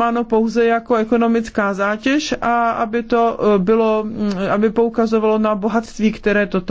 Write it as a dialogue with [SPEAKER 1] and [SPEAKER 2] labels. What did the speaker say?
[SPEAKER 1] vnímáno pouze jako ekonomická zátěž a aby to eh, bylo, mm, aby poukazovalo na bohatství, které toto